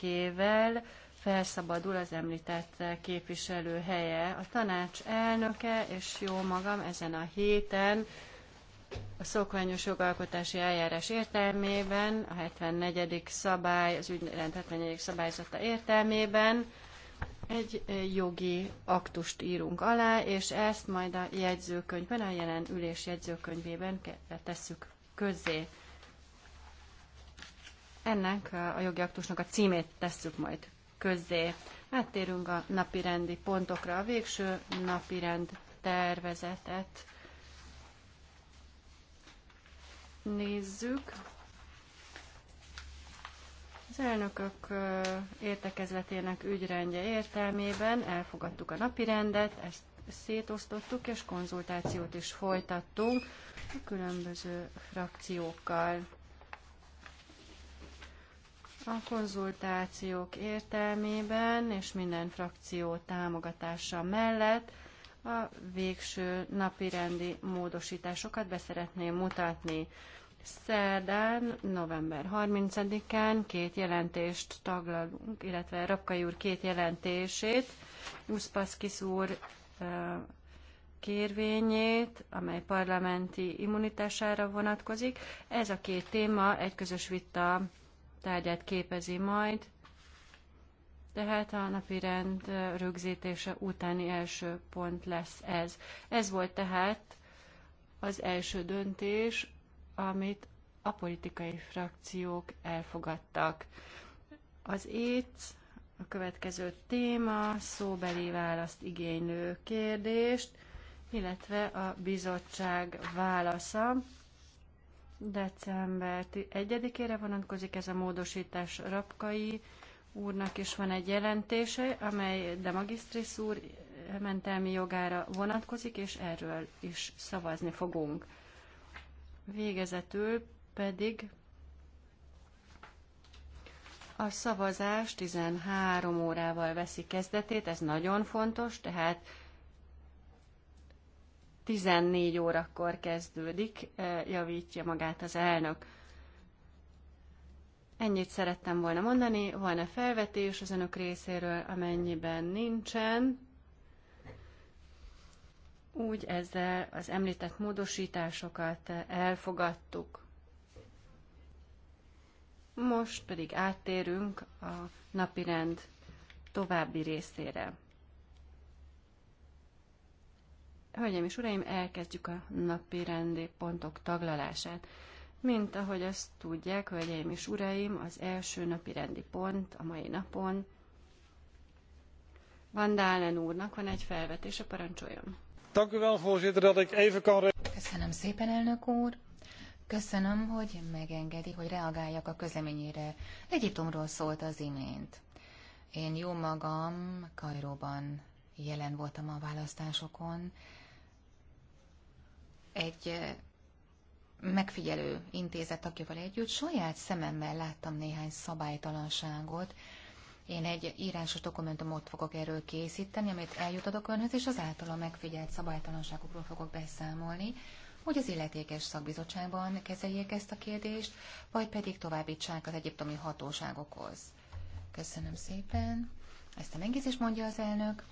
ével felszabadul az említett képviselő helye. A tanács elnöke és jó magam ezen a héten a szokványos jogalkotási eljárás értelmében, a 74. szabály, az ügyrend 74. szabályzata értelmében egy jogi aktust írunk alá, és ezt majd a jegyzőkönyvben, a jelen ülés jegyzőkönyvében tesszük közzé. Ennek a jogi aktusnak a címét tesszük majd közzé. Áttérünk a napirendi pontokra. A végső rend tervezetet nézzük. Az elnökök értekezletének ügyrendje értelmében elfogadtuk a napirendet, ezt szétosztottuk és konzultációt is folytattunk a különböző frakciókkal. A konzultációk értelmében és minden frakció támogatása mellett a végső napirendi módosításokat beszeretném mutatni. Szerdán, november 30-án két jelentést taglalunk, illetve Rapkai úr két jelentését, Uszpaszkisz úr kérvényét, amely parlamenti immunitására vonatkozik. Ez a két téma egy közös vita tárgyát képezi majd, tehát a napi rend rögzítése utáni első pont lesz ez. Ez volt tehát az első döntés, amit a politikai frakciók elfogadtak. Az itt a következő téma szóbeli választ igénylő kérdést, illetve a bizottság válasza. December 1-ére vonatkozik ez a módosítás Rapkai úrnak is van egy jelentése, amely de magisztris úr mentelmi jogára vonatkozik, és erről is szavazni fogunk. Végezetül pedig a szavazás 13 órával veszi kezdetét, ez nagyon fontos, tehát 14 órakor kezdődik, javítja magát az elnök. Ennyit szerettem volna mondani. Van-e felvetés az önök részéről, amennyiben nincsen? Úgy ezzel az említett módosításokat elfogadtuk. Most pedig áttérünk a napirend további részére. Hölgyeim és Uraim, elkezdjük a napi rendi pontok taglalását. Mint ahogy azt tudják, Hölgyeim és Uraim, az első napi rendi pont a mai napon Van Dálen úrnak van egy felvetése, parancsoljon. Köszönöm szépen, elnök úr. Köszönöm, hogy megengedi, hogy reagáljak a közleményére. Egyiptomról szólt az imént. Én jó magam Kajróban jelen voltam a választásokon, egy megfigyelő intézet akivel együtt saját szememmel láttam néhány szabálytalanságot. Én egy írásos dokumentumot fogok erről készíteni, amit eljutatok önhöz, és az a megfigyelt szabálytalanságokról fogok beszámolni, hogy az illetékes szakbizottságban kezeljék ezt a kérdést, vagy pedig továbbítsák az egyiptomi hatóságokhoz. Köszönöm szépen. Ezt a megjegyzést mondja az elnök.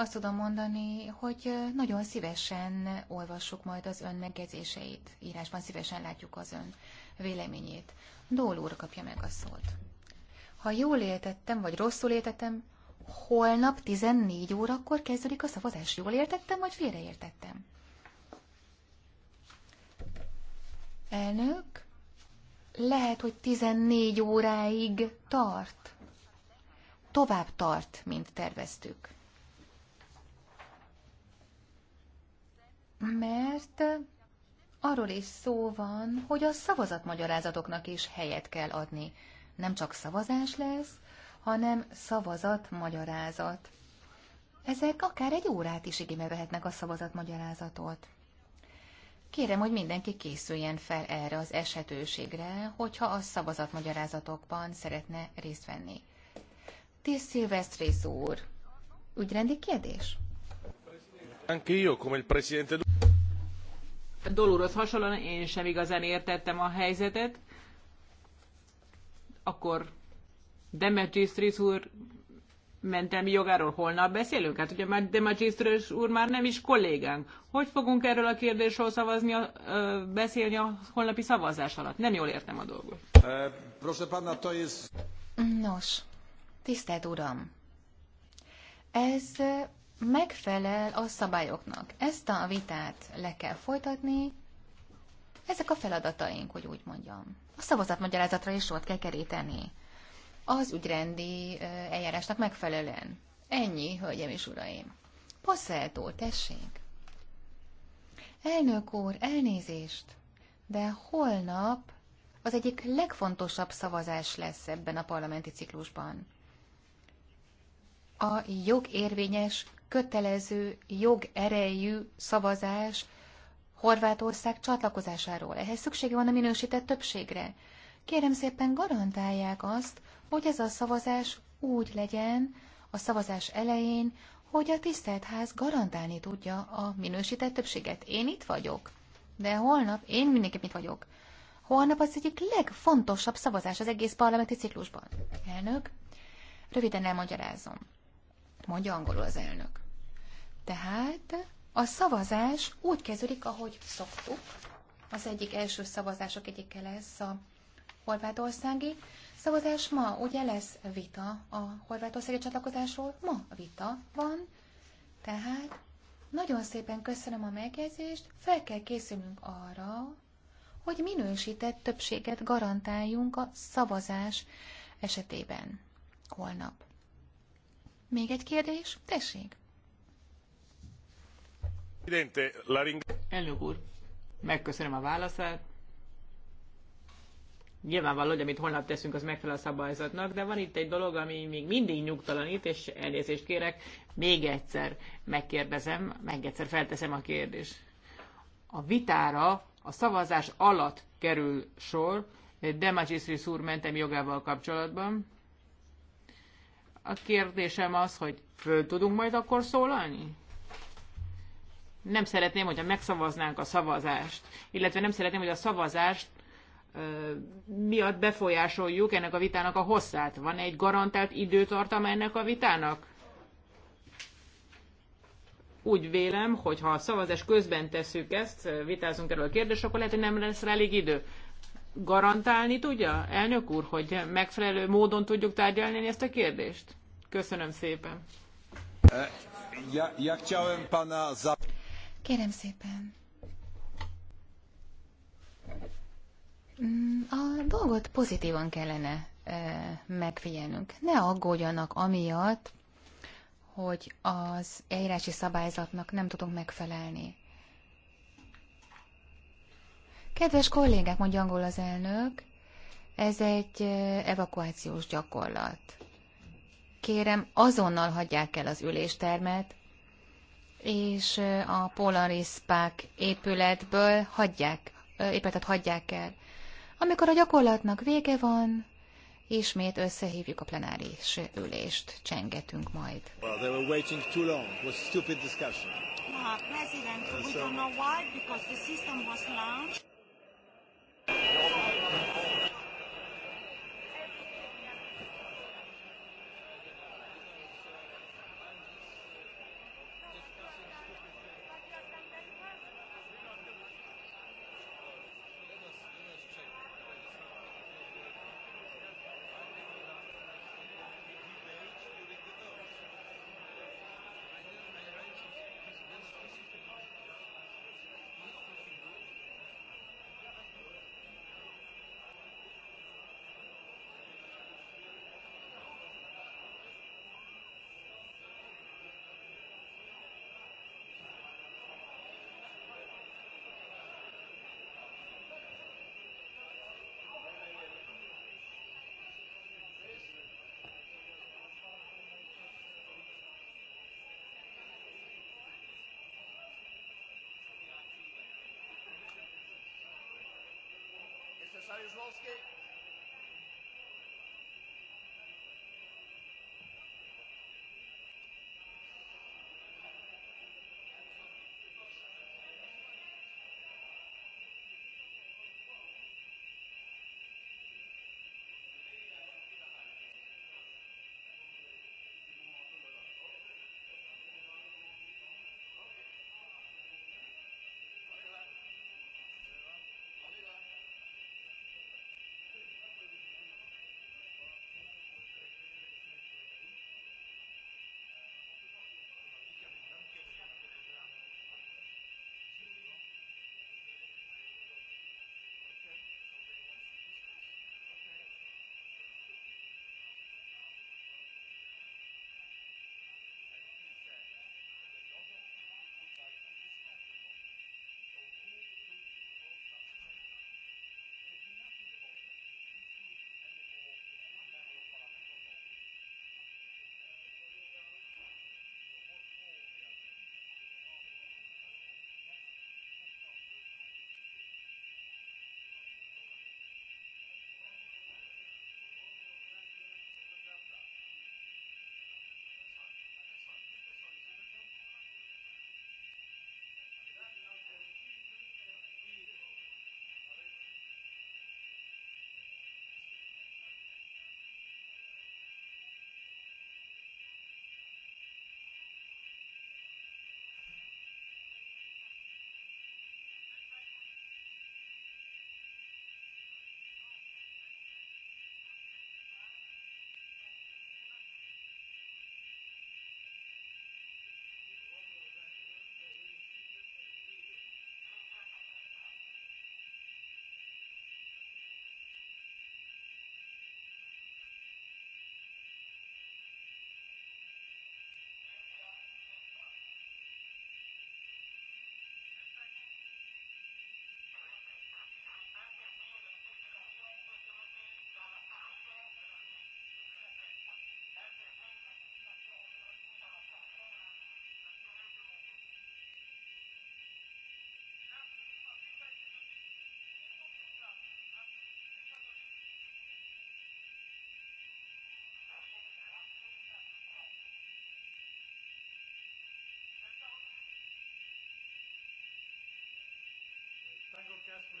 Azt tudom mondani, hogy nagyon szívesen olvassuk majd az ön megjegyzéseit. Írásban szívesen látjuk az ön véleményét. Dól úr kapja meg a szót. Ha jól értettem, vagy rosszul értettem, holnap 14 órakor kezdődik a szavazás. Jól értettem, vagy félreértettem? Elnök, lehet, hogy 14 óráig tart. Tovább tart, mint terveztük. mert arról is szó van, hogy a szavazatmagyarázatoknak is helyet kell adni. Nem csak szavazás lesz, hanem szavazatmagyarázat. Ezek akár egy órát is igénybe vehetnek a szavazatmagyarázatot. Kérem, hogy mindenki készüljen fel erre az eshetőségre, hogyha a szavazatmagyarázatokban szeretne részt venni. Tisz Szilvesztrész úr, ügyrendi kérdés? Anche io, come il presidente Dolurhoz hasonlóan én sem igazán értettem a helyzetet. Akkor Demetrius úr mentelmi jogáról holnap beszélünk? Hát ugye már Demetrius úr már nem is kollégánk. Hogy fogunk erről a kérdésről szavazni, a, ö, beszélni a holnapi szavazás alatt? Nem jól értem a dolgot. Nos, tisztelt uram, ez megfelel a szabályoknak. Ezt a vitát le kell folytatni, ezek a feladataink, hogy úgy mondjam. A szavazatmagyarázatra is sort kell keríteni. Az ügyrendi eljárásnak megfelelően. Ennyi, hölgyem és uraim. Passzeltól, tessék! Elnök úr, elnézést! De holnap az egyik legfontosabb szavazás lesz ebben a parlamenti ciklusban a jogérvényes, kötelező, jogerejű szavazás Horvátország csatlakozásáról. Ehhez szüksége van a minősített többségre. Kérem szépen garantálják azt, hogy ez a szavazás úgy legyen a szavazás elején, hogy a tisztelt ház garantálni tudja a minősített többséget. Én itt vagyok, de holnap én mindenképp itt vagyok. Holnap az egyik legfontosabb szavazás az egész parlamenti ciklusban. Elnök, röviden elmagyarázom mondja angolul az elnök. Tehát a szavazás úgy kezdődik, ahogy szoktuk. Az egyik első szavazások egyike lesz a horvátországi szavazás. Ma ugye lesz vita a horvátországi csatlakozásról, ma vita van, tehát nagyon szépen köszönöm a megjegyzést, fel kell készülnünk arra, hogy minősített többséget garantáljunk a szavazás esetében holnap. Még egy kérdés? Tessék! Elnök úr, megköszönöm a válaszát. Nyilvánvaló, hogy amit holnap teszünk, az megfelel a szabályzatnak, de van itt egy dolog, ami még mindig nyugtalanít, és elnézést kérek, még egyszer megkérdezem, meg egyszer felteszem a kérdést. A vitára a szavazás alatt kerül sor, de Magisztris úr mentem jogával kapcsolatban, a kérdésem az, hogy föl tudunk majd akkor szólalni? Nem szeretném, hogyha megszavaznánk a szavazást, illetve nem szeretném, hogy a szavazást ö, miatt befolyásoljuk ennek a vitának a hosszát. Van egy garantált időtartama ennek a vitának? Úgy vélem, hogy ha a szavazás közben tesszük ezt, vitázunk erről a kérdést, akkor lehet, hogy nem lesz rá elég idő garantálni tudja, elnök úr, hogy megfelelő módon tudjuk tárgyalni ezt a kérdést? Köszönöm szépen. Kérem szépen. Mm, a dolgot pozitívan kellene e, megfigyelnünk. Ne aggódjanak amiatt, hogy az eljárási szabályzatnak nem tudunk megfelelni. Kedves kollégák, mondja angol az elnök, ez egy evakuációs gyakorlat. Kérem, azonnal hagyják el az üléstermet, és a Polaris Park épületből hagyják, épületet hagyják el. Amikor a gyakorlatnak vége van, ismét összehívjuk a plenáris ülést, csengetünk majd. Well, they were waiting too long. It was stupid discussion. Uh, President, we don't know why, because the system was launched. Mr. Saryusz-Wolski.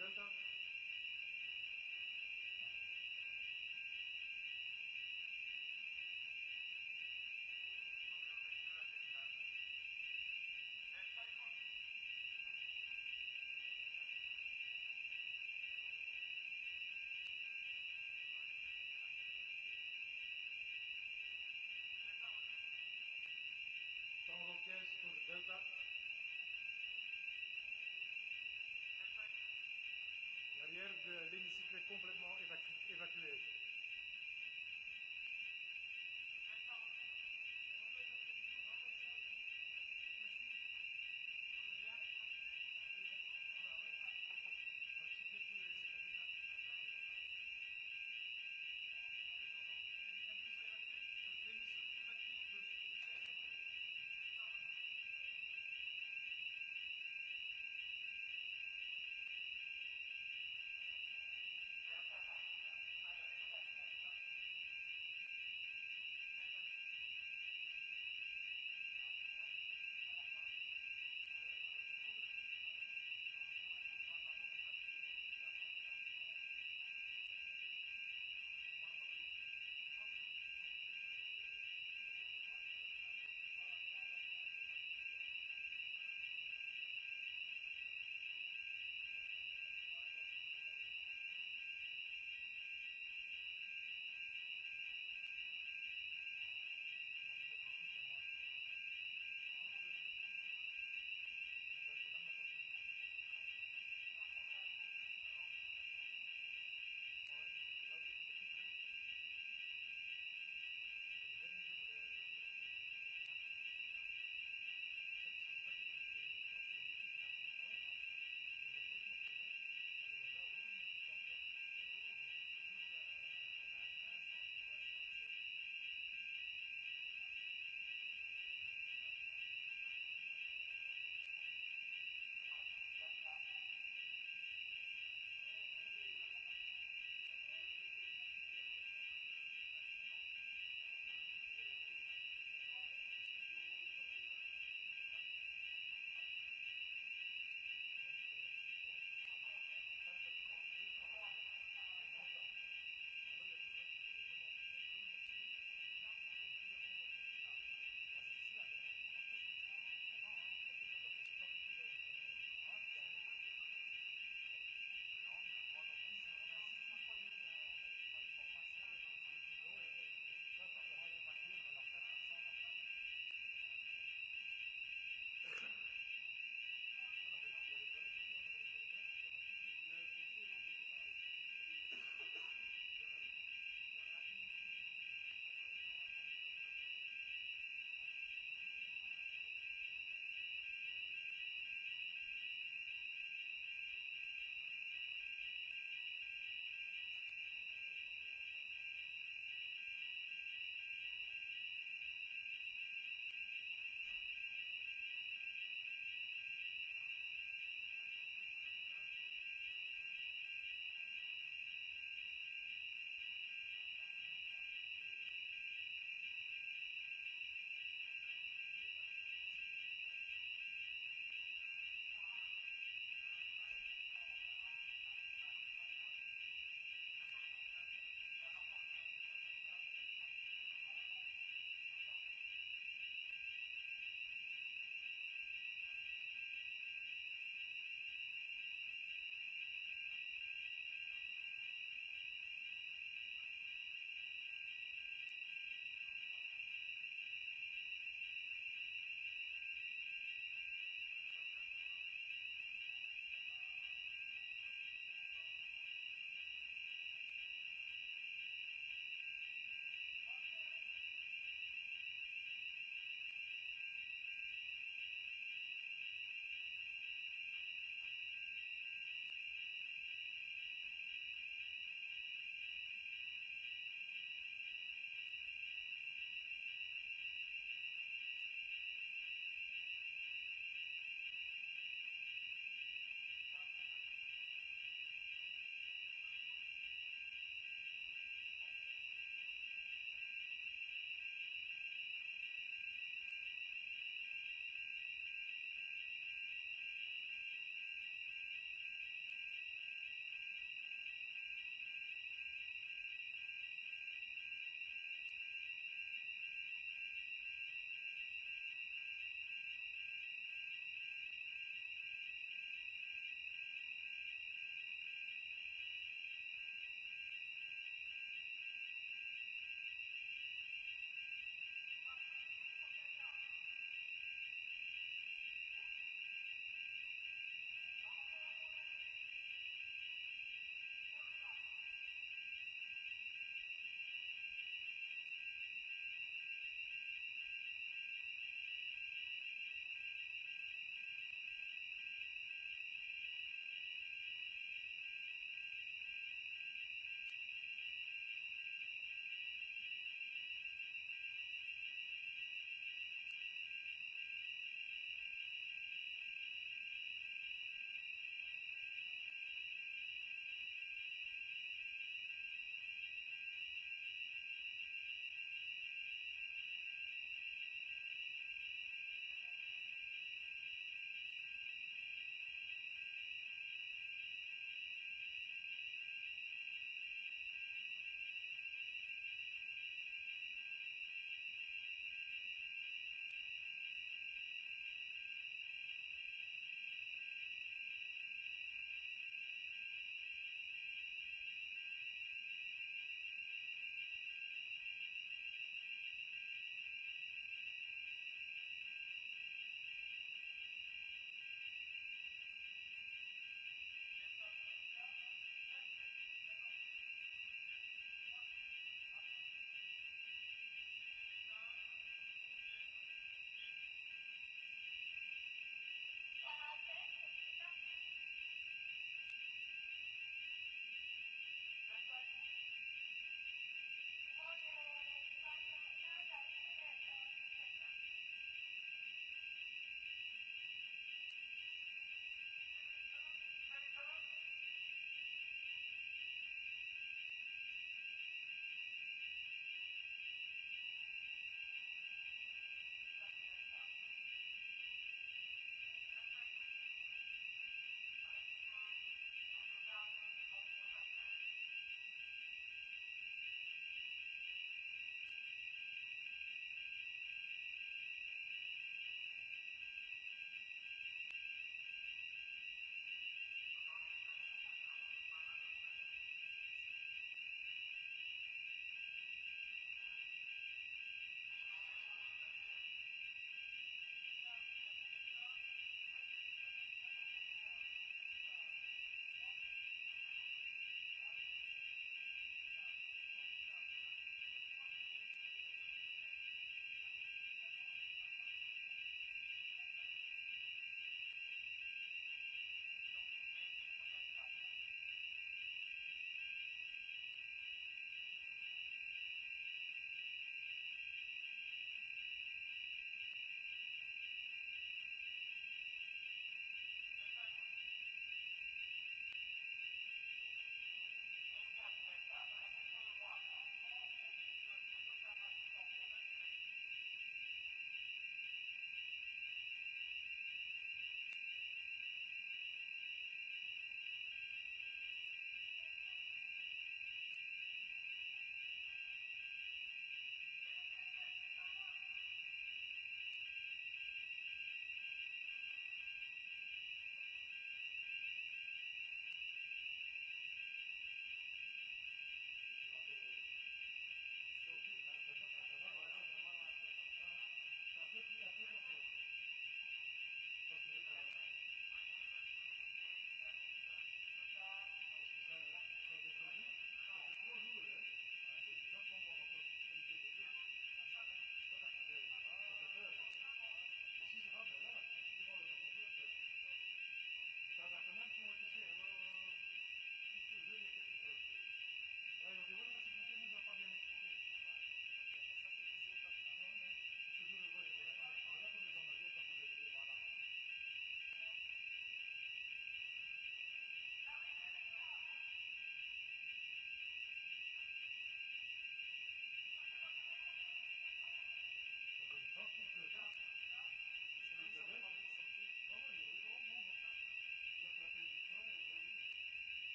Delta. complètement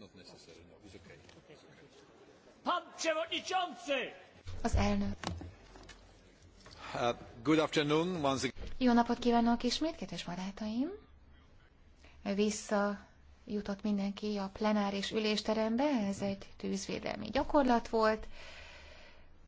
not necessary. No, it's okay. Pan przewodniczący! Az elnök. Uh, good afternoon, once again. Jó napot kívánok ismét, kedves barátaim! Vissza jutott mindenki a plenáris ülésterembe, ez egy tűzvédelmi gyakorlat volt.